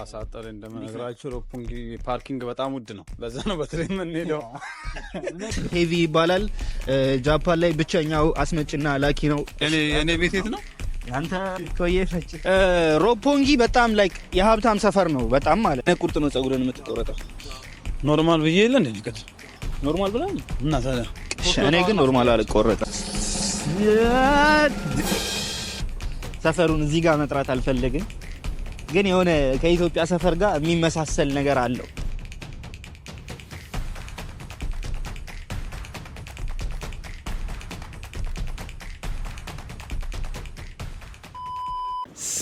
አሳጠር እንደምነግራቸው ሮፑንጊ ፓርኪንግ በጣም ውድ ነው። ለዛ ነው በትሬ የምንሄደው። ሄቪ ይባላል ጃፓን ላይ ብቸኛው አስመጭና ላኪ ነው። እኔ ቤት የት ነው አንተ ሮፖንጊ? በጣም ላይክ የሀብታም ሰፈር ነው። በጣም ማለት ነው። ቁርጥ ነው ጸጉርን የምትቆረጠው ኖርማል ብዬ የለ እንደ ሊቀት ኖርማል ብላ እና እኔ ግን ኖርማል አልቆረጠ ሰፈሩን እዚህ ጋር መጥራት አልፈለግም። ግን የሆነ ከኢትዮጵያ ሰፈር ጋር የሚመሳሰል ነገር አለው።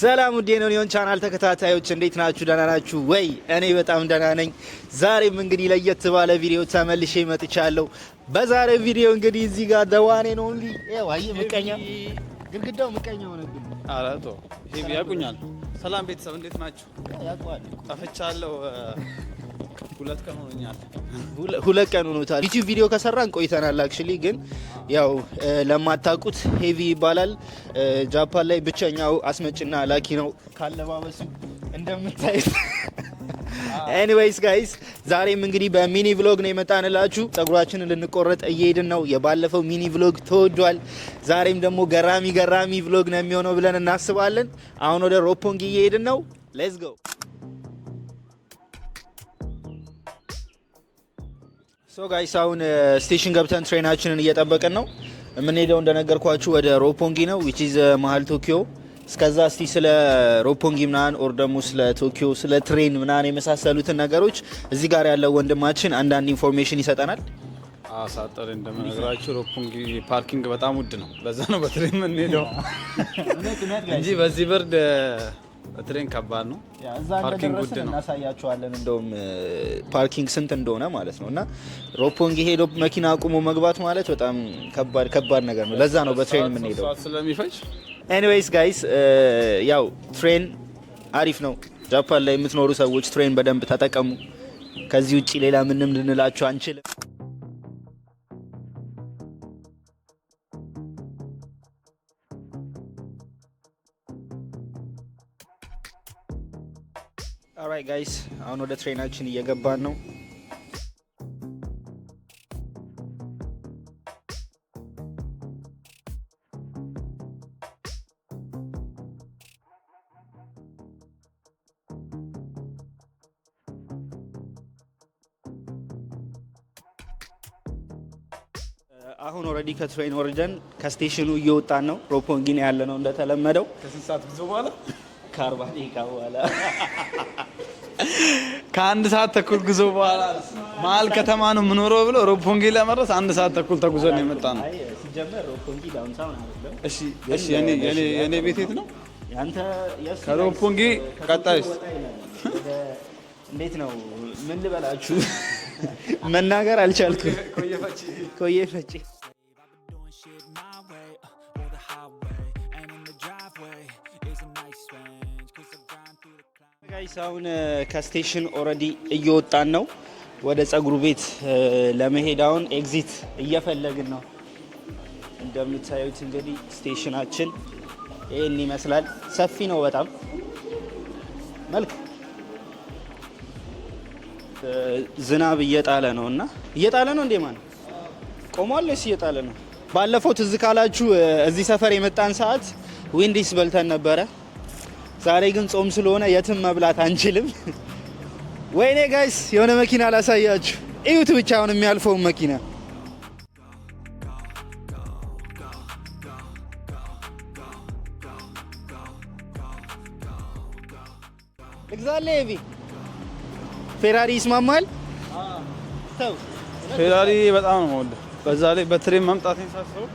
ሰላም ውዴ ነው ቻናል ተከታታዮች እንዴት ናችሁ? ደህና ናችሁ ወይ? እኔ በጣም ደህና ነኝ። ዛሬም እንግዲህ ለየት ባለ ቪዲዮ ተመልሼ መጥቻለሁ። በዛሬ ቪዲዮ እንግዲህ እዚህ ጋር ደዋኔ ነው እንዴ? አይ ምቀኛ ግድግዳው ምቀኛ ሆነብኝ። ኧረ ተው ያቁኛል። ሰላም ቤተሰብ እንዴት ናችሁ? ጠፍቻለሁ። ሁለት ቀን ሆኖኛል። ሁለት ቀን ሆኖታል። ዩቲዩብ ቪዲዮ ከሰራን ቆይተናል። አክቹሊ ግን ያው ለማታውቁት ሄቪ ይባላል። ጃፓን ላይ ብቸኛው አስመጭና ላኪ ነው። ካለባበሱ እንደምታዩት ኤኒዌይስ ጋይስ ዛሬም እንግዲህ በሚኒ ቭሎግ ነው የመጣንላችሁ። ጸጉራችንን ልንቆረጥ እየሄድን ነው። የባለፈው ሚኒ ቭሎግ ተወዷል። ዛሬም ደግሞ ገራሚ ገራሚ ቭሎግ ነው የሚሆነው ብለን እናስባለን። አሁን ወደ ሮፖንግ እየሄድን ነው። ሌትስ ጎ ሶ ጋይስ አሁን ስቴሽን uh, ገብተን ትሬናችንን እየጠበቅን ነው። የምንሄደው እንደነገርኳችሁ ወደ ሮፖንጊ ነው ዊች ኢዝ መሀል ቶኪዮ እስከዛ እስቲ ስለ ሮፖንጊ ምናን ኦር ደግሞ ስለ ቶኪዮ ስለ ትሬን ምናን የመሳሰሉትን ነገሮች እዚህ ጋር ያለው ወንድማችን አንዳንድ ኢንፎርሜሽን ይሰጠናል። አሳጠር እንደምነግራችሁ ሮፖንጊ ፓርኪንግ በጣም ውድ ነው። በዛ ነው በትሬን የምንሄደው እንጂ በዚህ ብርድ በትሬን ከባድ ነው። ፓርኪንግ ውድ ነው። እናሳያቸዋለን እንደውም ፓርኪንግ ስንት እንደሆነ ማለት ነው። እና ሮፖንጊ ሄዶ መኪና አቁሞ መግባት ማለት በጣም ከባድ ከባድ ነገር ነው። ለዛ ነው በትሬን የምንሄደው ስለሚፈጅ ኤኒዌይስ ጋይስ uh, ያው ትሬን አሪፍ ነው። ጃፓን ላይ የምትኖሩ ሰዎች ትሬን በደንብ ተጠቀሙ። ከዚህ ውጭ ሌላ ምንም ልንላችሁ አንችልም። አራይ ጋይስ አሁን ወደ ትሬናችን እየገባን ነው። ኦልሬዲ ከትሬን ወርደን ከስቴሽኑ እየወጣን ነው። ሮፖንጊን ያለ ነው እንደተለመደው ከስንት ሰዓት ብዙ በኋላ ከአርባ ደቂቃ በኋላ ከአንድ ሰዓት ተኩል ጉዞ በኋላ መሀል ከተማ ነው የምኖረው ብሎ ሮፖንጊ ለመድረስ አንድ ሰዓት ተኩል ተጉዞ ነው የመጣ ነው። የኔ ቤት የት ነው? ከሮፖንጊ ቀጣይስ እንዴት ነው? ምን ልበላችሁ መናገር አልቻልኩም። ኮየ ፈጬ ጋይስ አሁን ከስቴሽን ኦልሬዲ እየወጣን ነው ወደ ጸጉሩ ቤት ለመሄድ አሁን ኤግዚት እየፈለግን ነው። እንደምታዩት እንግዲህ ስቴሽናችን ይህን ይመስላል። ሰፊ ነው በጣም መልክ ዝናብ እየጣለ ነው እና እየጣለ ነው እንዴ ማነው ቆሟል ወይስ እየጣለ ነው? ባለፈው ትዝ ካላችሁ እዚህ ሰፈር የመጣን ሰዓት ዊንዲስ በልተን ነበረ። ዛሬ ግን ጾም ስለሆነ የትም መብላት አንችልም። ወይኔ ጋይስ የሆነ መኪና አላሳያችሁ፣ እዩት ብቻ አሁን የሚያልፈውን መኪና ልግዛለ። ቢ ፌራሪ ይስማማል። ፌራሪ በጣም ነው ወደ በዛ ላይ በትሬን መምጣት ሳስበው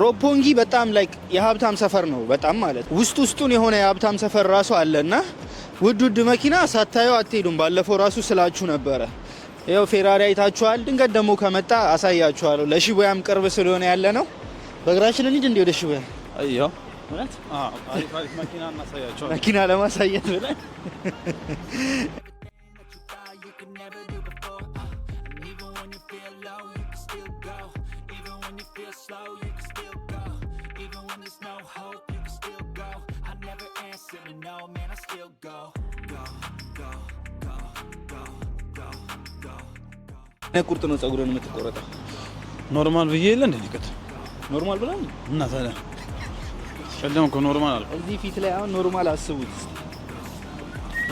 ሮፖንጊ በጣም ላይክ የሀብታም ሰፈር ነው። በጣም ማለት ውስጥ ውስጡን የሆነ የሀብታም ሰፈር ራሱ አለ ውድ ውድ መኪና ሳታየው አትሄዱም። ባለፈው ራሱ ስላችሁ ነበረ። ያው ፌራሪ አይታችኋል። ድንገት ደግሞ ከመጣ አሳያችኋለሁ። ለሽቦያም ቅርብ ስለሆነ ያለ ነው። በእግራችን እንሂድ እንዲ ወደ ሺቡያ መኪና ለማሳየት ብለን already know, man, I still go, go, go, go, go, go, go. እኔ ቁርጥ ነው ጸጉርን የምትቆረጠው ኖርማል ብዬ የለ እንደ ሊቀት ኖርማል ብላ እና ታዲያ ቀደም እኮ ኖርማል አልኩ። እዚህ ፊት ላይ አሁን ኖርማል አስቡት።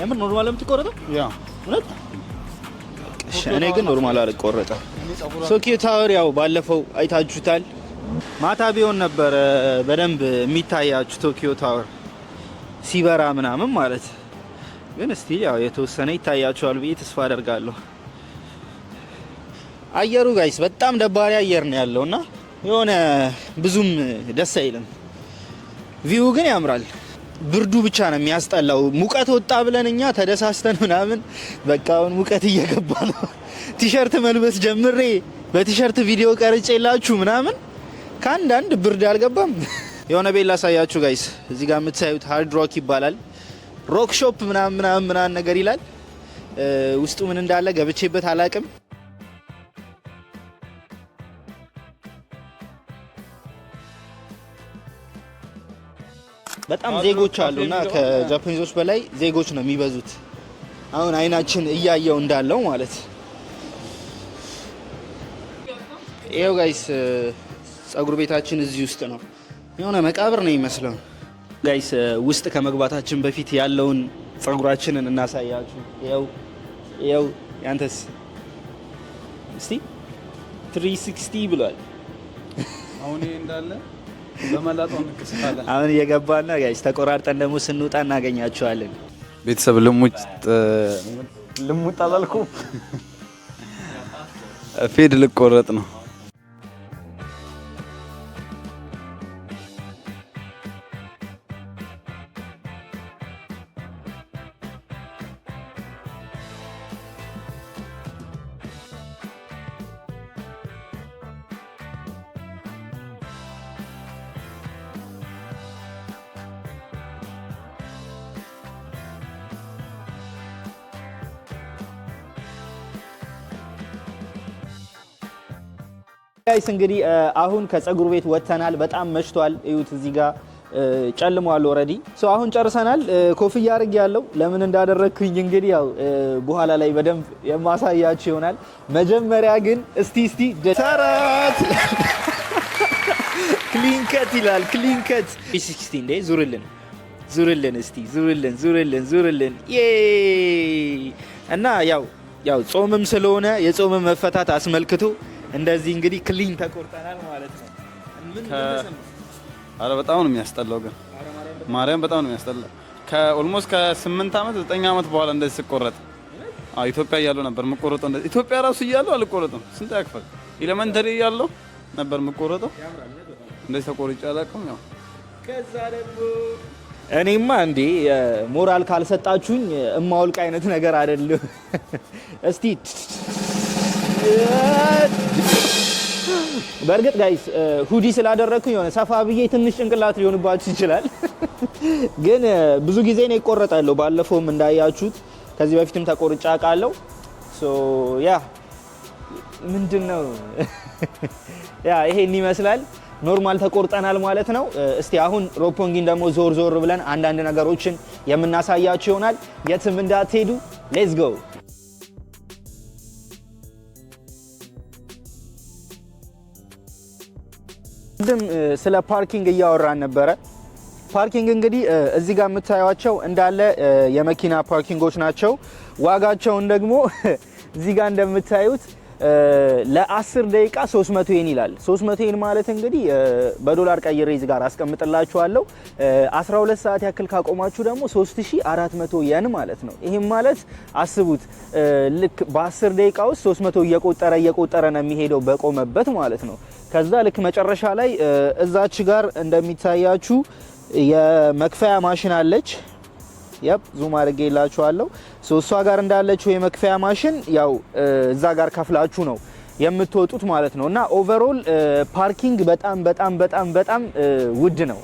የምር ኖርማል የምትቆረጠው ያ እውነት? እኔ ግን ኖርማል አልቆረጠም። ሶኪ ታወር ያው ባለፈው አይታችሁታል። ማታ ቢሆን ነበረ በደንብ የሚታያችሁ ቶኪዮ ታወር ሲበራ ምናምን ማለት ግን እስቲ ያው የተወሰነ ይታያቸዋል ብዬ ተስፋ አደርጋለሁ። አየሩ ጋይስ በጣም ደባሪ አየር ነው ያለው እና የሆነ ብዙም ደስ አይልም። ቪው ግን ያምራል። ብርዱ ብቻ ነው የሚያስጠላው። ሙቀት ወጣ ብለን እኛ ተደሳስተን ምናምን በቃ አሁን ሙቀት እየገባ ነው። ቲሸርት መልበስ ጀምሬ በቲሸርት ቪዲዮ ቀርጬላችሁ የላችሁ ምናምን ከአንዳንድ ብርድ አልገባም የሆነ ቤት ላሳያችሁ ጋይስ። እዚህ ጋር የምታዩት ሀርድ ሮክ ይባላል። ሮክ ሾፕ ምናምን ምናምን ምናምን ነገር ይላል። ውስጡ ምን እንዳለ ገብቼበት አላቅም። በጣም ዜጎች አሉ እና ከጃፓኒዞች በላይ ዜጎች ነው የሚበዙት። አሁን አይናችን እያየው እንዳለው ማለት ይኸው ጋይስ፣ ጸጉር ቤታችን እዚህ ውስጥ ነው። የሆነ መቃብር ነው ይመስለው። ጋይስ uh, ውስጥ ከመግባታችን በፊት ያለውን ጸጉራችንን እናሳያችሁ። ያው ያው ያንተስ እስቲ 360 ብሏል። አሁን እንዳለ በመላጣው ንቅስቃሴ አሁን እየገባና ጋይስ ተቆራርጠን ደግሞ ስንውጣ እናገኛችኋለን። ቤተሰብ ልሙጥ ልሙጥ አላልኩም፣ ፌድ ልቆረጥ ነው ጋይስ እንግዲህ አሁን ከጸጉር ቤት ወጥተናል። በጣም መሽቷል። እዩት እዚህ ጋር ጨልሟል። ኦልሬዲ ሶ አሁን ጨርሰናል። ኮፍያ አድርግ ያለው ለምን እንዳደረግኩኝ እንግዲህ ያው በኋላ ላይ በደንብ የማሳያችሁ ይሆናል። መጀመሪያ ግን እስቲ እስቲ ሰራት ክሊንከት ይላል ክሊንከት እንዴ ዙርልን ዙርልን እስቲ ዙርልን ዙርልን ዙርልን እና ያው ያው ጾምም ስለሆነ የጾምም መፈታት አስመልክቶ እንደዚህ እንግዲህ ክሊን ተቆርጠናል ማለት ነው። አረ በጣም ነው የሚያስጠላው፣ ግን ማርያም በጣም ነው የሚያስጠላው። ከኦልሞስት ከስምንት ዓመት ዘጠኝ ዓመት በኋላ እንደዚህ ስቆረጥ ኢትዮጵያ እያለሁ ነበር የምቆረጠው። እንደዚህ ኢትዮጵያ ራሱ እያለሁ አልቆረጥም። ስንት ያክፈል ኤሌመንተሪ እያለሁ ነበር የምቆረጠው። እንደዚህ ተቆርጬ አላውቅም። ያው ከዛ ደግሞ እኔማ እንዴ ሞራል ካልሰጣችሁኝ እማወልቅ አይነት ነገር አይደለም። እስቲ በእርግጥ ጋይስ ሁዲ ስላደረግኩኝ የሆነ ሰፋ ብዬ ትንሽ ጭንቅላት ሊሆንባችሁ ይችላል፣ ግን ብዙ ጊዜ ነው ይቆረጣለሁ። ባለፈውም እንዳያችሁት ከዚህ በፊትም ተቆርጫ ቃለው ያ ምንድን ነው ያ ይሄን ይመስላል። ኖርማል ተቆርጠናል ማለት ነው። እስቲ አሁን ሮፖንጊን ደግሞ ዞር ዞር ብለን አንዳንድ ነገሮችን የምናሳያችሁ ይሆናል። የትም እንዳትሄዱ ሌትስ ጎ ቅድም ስለ ፓርኪንግ እያወራን ነበረ። ፓርኪንግ እንግዲህ እዚህ ጋር የምታዩቸው እንዳለ የመኪና ፓርኪንጎች ናቸው። ዋጋቸውን ደግሞ እዚህ ጋር እንደምታዩት ለ10 ደቂቃ 300 የን ይላል። 300 የን ማለት እንግዲህ በዶላር ቀይሬ እዚህ ጋር አስቀምጥላችኋለሁ። 12 ሰዓት ያክል ካቆማችሁ ደግሞ 3400 የን ማለት ነው። ይህም ማለት አስቡት ልክ በ10 ደቂቃ ውስጥ 300 እየቆጠረ እየቆጠረ ነው የሚሄደው በቆመበት ማለት ነው። ከዛ ልክ መጨረሻ ላይ እዛች ጋር እንደሚታያችሁ የመክፈያ ማሽን አለች። ያብ ዙም አድርጌ ላችኋለሁ። እሷ ጋር እንዳለችው የመክፈያ ማሽን ያው እዛ ጋር ከፍላችሁ ነው የምትወጡት ማለት ነው። እና ኦቨሮል ፓርኪንግ በጣም በጣም በጣም በጣም ውድ ነው።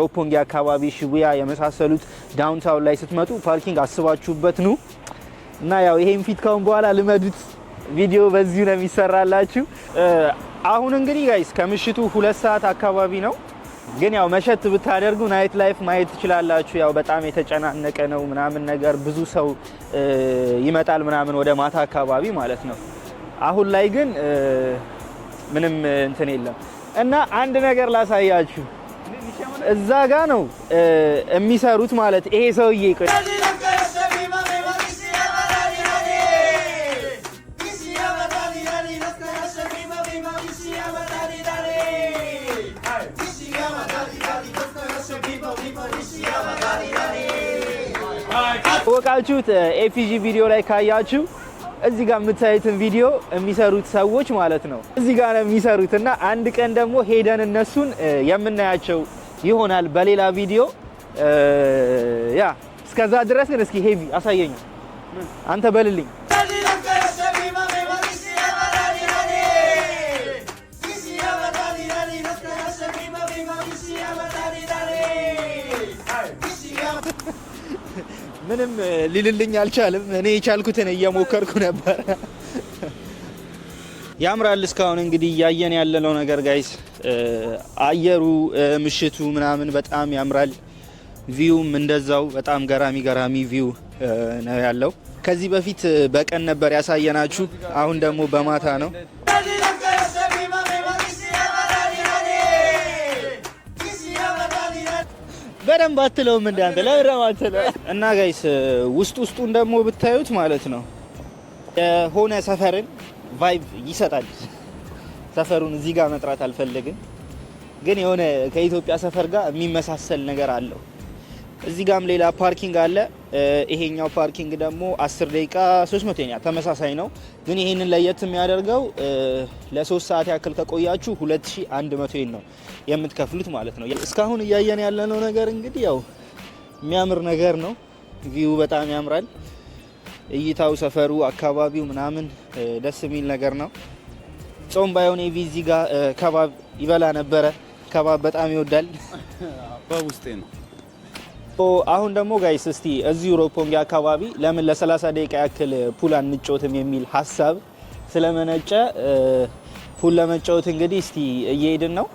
ሮፖንጊ አካባቢ፣ ሽቡያ የመሳሰሉት ዳውንታውን ላይ ስትመጡ ፓርኪንግ አስባችሁበት ኑ እና ያው ይሄን ፊት ካሁን በኋላ ልመዱት። ቪዲዮ በዚሁ ነው የሚሰራላችሁ። አሁን እንግዲህ ጋይስ ከምሽቱ ሁለት ሰዓት አካባቢ ነው፣ ግን ያው መሸት ብታደርጉ ናይት ላይፍ ማየት ትችላላችሁ። ያው በጣም የተጨናነቀ ነው ምናምን ነገር ብዙ ሰው ይመጣል ምናምን ወደ ማታ አካባቢ ማለት ነው። አሁን ላይ ግን ምንም እንትን የለም እና አንድ ነገር ላሳያችሁ። እዛ ጋ ነው የሚሰሩት ማለት ይሄ ሰውዬ ወቃችሁት ኤፒጂ eh, ቪዲዮ ላይ ካያችሁ እዚህ ጋር የምታዩትን ቪዲዮ የሚሰሩት ሰዎች ማለት ነው እዚህ ጋር ነው የሚሰሩት እና አንድ ቀን ደግሞ ሄደን እነሱን eh, የምናያቸው ይሆናል በሌላ ቪዲዮ eh, ያ እስከዛ ድረስ ግን እስኪ ሄቪ አሳየኝ አንተ በልልኝ ምንም ሊልልኝ አልቻልም። እኔ የቻልኩትን እየሞከርኩ ነበር። ያምራል። እስካሁን እንግዲህ እያየን ያለነው ነገር ጋይስ፣ አየሩ ምሽቱ ምናምን በጣም ያምራል። ቪውም እንደዛው በጣም ገራሚ ገራሚ ቪው ነው ያለው። ከዚህ በፊት በቀን ነበር ያሳየናችሁ፣ አሁን ደግሞ በማታ ነው። በደንብ አትለውም እንደ አንተ ለምረም አትለው እና ጋይስ ውስጥ ውስጡን ደግሞ ብታዩት ማለት ነው የሆነ ሰፈርን ቫይብ ይሰጣል። ሰፈሩን እዚህ ጋር መጥራት አልፈልግም፣ ግን የሆነ ከኢትዮጵያ ሰፈር ጋር የሚመሳሰል ነገር አለው። እዚህ ጋም ሌላ ፓርኪንግ አለ። ይሄኛው ፓርኪንግ ደግሞ 10 ደቂቃ 300 ኛ ተመሳሳይ ነው። ግን ይሄንን ለየት የሚያደርገው ለ3 ሰዓት ያክል ከቆያችሁ 2100 ነው የምትከፍሉት ማለት ነው። እስካሁን እያየን ያለነው ነገር እንግዲህ ያው የሚያምር ነገር ነው። ቪው በጣም ያምራል። እይታው፣ ሰፈሩ፣ አካባቢው ምናምን ደስ የሚል ነገር ነው። ጾም ባይሆን ቪዚ ጋር ከባብ ይበላ ነበረ። ከባብ በጣም ይወዳል። በውስጤ ነው አሁን ደግሞ ጋይስ እስቲ እዚሁ ሮፖንጊ አካባቢ ለምን ለ30 ደቂቃ ያክል ፑል አንጫወትም የሚል ሀሳብ ስለመነጨ ፑል ለመጫወት እንግዲህ እስቲ እየሄድን ነው።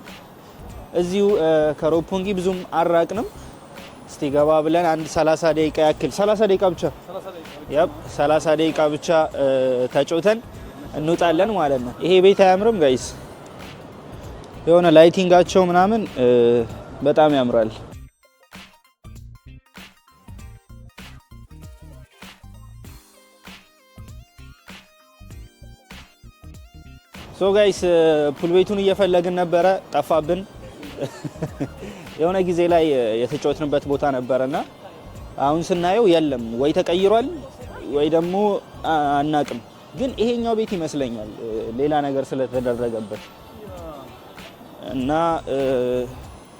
እዚሁ ከሮፖንጊ ብዙም አራቅንም። እስቲ ገባ ብለን አንድ 30 ደቂቃ ያክል 30 ደቂቃ ብቻ ያብ 30 ደቂቃ ብቻ ተጫውተን እንውጣለን ማለት ነው። ይሄ ቤት አያምርም ጋይስ? የሆነ ላይቲንጋቸው ምናምን በጣም ያምራል። ሶ ጋይስ ፑል ቤቱን እየፈለግን ነበረ፣ ጠፋብን። የሆነ ጊዜ ላይ uh, የተጫወትንበት ቦታ ነበረና አሁን ስናየው የለም፣ ወይ ተቀይሯል ወይ ደግሞ uh, አናቅም። ግን ይሄኛው ቤት ይመስለኛል uh, ሌላ ነገር ስለተደረገበት እና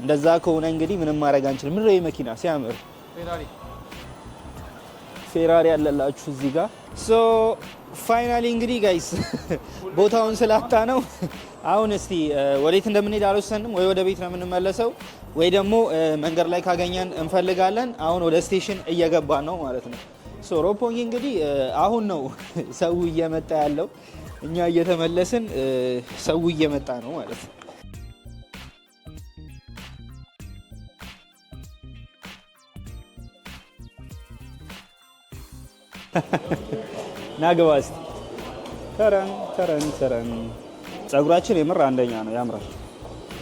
እንደዛ ከሆነ እንግዲህ ምንም ማድረግ አንችልም። ምድራዊ መኪና ሲያምር ፌራሪ ያለላችሁ እዚህ ጋር ሶ ፋይናሊ እንግዲህ ጋይስ ቦታውን ስላጣ ነው። አሁን እስቲ uh, ወዴት እንደምንሄድ አልወሰንም። ወይ ወደ ቤት ነው የምንመለሰው ወይ ደግሞ uh, መንገድ ላይ ካገኘን እንፈልጋለን። አሁን ወደ ስቴሽን እየገባ ነው ማለት ነው። ሶ ሮፖንጊ እንግዲህ uh, አሁን ነው ሰው እየመጣ ያለው፣ እኛ እየተመለስን ሰው እየመጣ ነው ማለት ነው። ናግባ ተረን ተረን ተረን ጸጉራችን የምር አንደኛ ነው፣ ያምራል።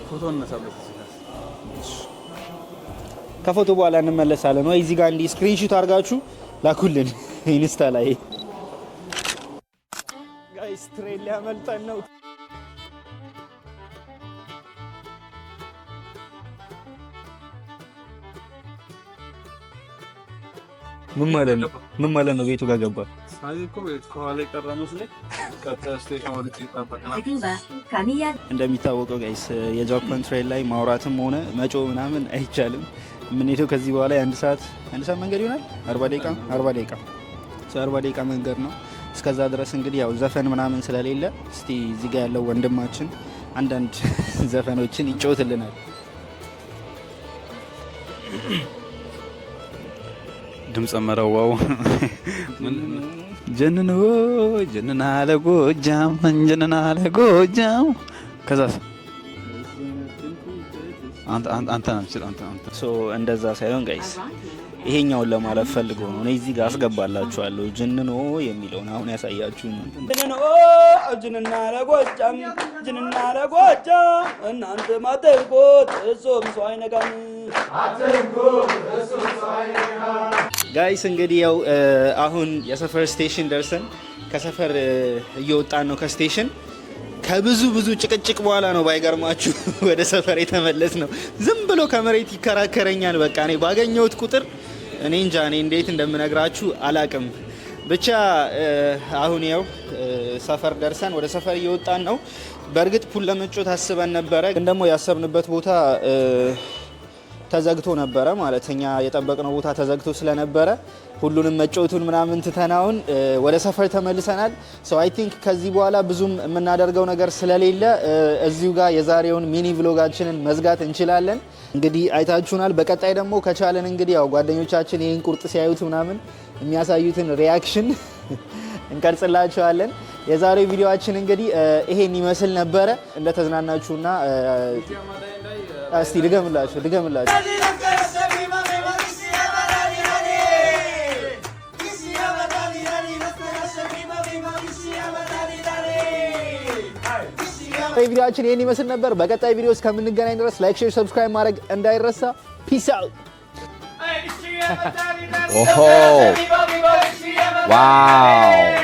ፎቶ እንነሳበት። ከፎቶ በኋላ እንመለሳለን ወይ እዚህ ጋር እንዲህ ስክሪንሹት አድርጋችሁ ላኩልን ኢንስታ ላይ ጋይስ። ትሬል ሊያመልጠን ነው። ምን ማለት ነው? ምን ማለት ነው? ቤቱ ጋር ገባ። እንደሚታወቀው ጋይስ የጃፓን ትሬል ላይ ማውራትም ሆነ መጮ ምናምን አይቻልም። የምንሄደው ከዚህ በኋላ የአንድ ሰዓት አንድ ሰዓት መንገድ ይሆናል። አርባ ደቂቃ አርባ ደቂቃ አርባ ደቂቃ መንገድ ነው። እስከዛ ድረስ እንግዲህ ያው ዘፈን ምናምን ስለሌለ እስቲ እዚህ ጋር ያለው ወንድማችን አንዳንድ ዘፈኖችን ይጫወትልናል። ድምፀ መረዋው ጀንኖ ጀንና ለጎጃም ጀንና ለጎጃም ከዛ አንተ እንደዛ ሳይሆን ጋይስ ይሄኛውን ለማለፍ ፈልገው ነው። እኔ እዚህ ጋር አስገባላችኋለሁ ጅንኖ የሚለውን አሁን ያሳያችሁ ጅንኖ ጅንና ለጎጃም ጅንና ለጎጃም እናንተ ማተርጎት እሱም ሰው አይነጋም ጋይስ እንግዲህ ያው አሁን የሰፈር ስቴሽን ደርሰን ከሰፈር እየወጣን ነው። ከስቴሽን ከብዙ ብዙ ጭቅጭቅ በኋላ ነው ባይገርማችሁ ወደ ሰፈር የተመለስ ነው። ዝም ብሎ ከመሬት ይከራከረኛል። በቃ እኔ ባገኘሁት ቁጥር እኔ እንጃ እኔ እንዴት እንደምነግራችሁ አላቅም። ብቻ አሁን ያው ሰፈር ደርሰን ወደ ሰፈር እየወጣን ነው። በእርግጥ ፑል ለመጮት አስበን ነበረ፣ ግን ደግሞ ያሰብንበት ቦታ ተዘግቶ ነበረ ማለት እኛ የጠበቅነው ቦታ ተዘግቶ ስለነበረ ሁሉንም መጫወቱን ምናምን ትተናውን ወደ ሰፈር ተመልሰናል። ሶ አይ ቲንክ ከዚህ በኋላ ብዙም የምናደርገው ነገር ስለሌለ እዚሁ ጋር የዛሬውን ሚኒ ቭሎጋችንን መዝጋት እንችላለን። እንግዲህ አይታችሁናል። በቀጣይ ደግሞ ከቻለን እንግዲህ ያው ጓደኞቻችን ይህን ቁርጥ ሲያዩት ምናምን የሚያሳዩትን ሪያክሽን እንቀርጽላቸዋለን። የዛሬው ቪዲዮችን እንግዲህ ይሄን ይመስል ነበረ። እንደተዝናናችሁና እስቲ ድገምላችሁ ድገምላችሁ። ቪዲዮችን ይህን ይመስል ነበር። በቀጣይ ቪዲዮ እስከምንገናኝ ድረስ ላይክ፣ ሼር፣ ሰብስክራይብ ማድረግ እንዳይረሳ። ፒስ አውት።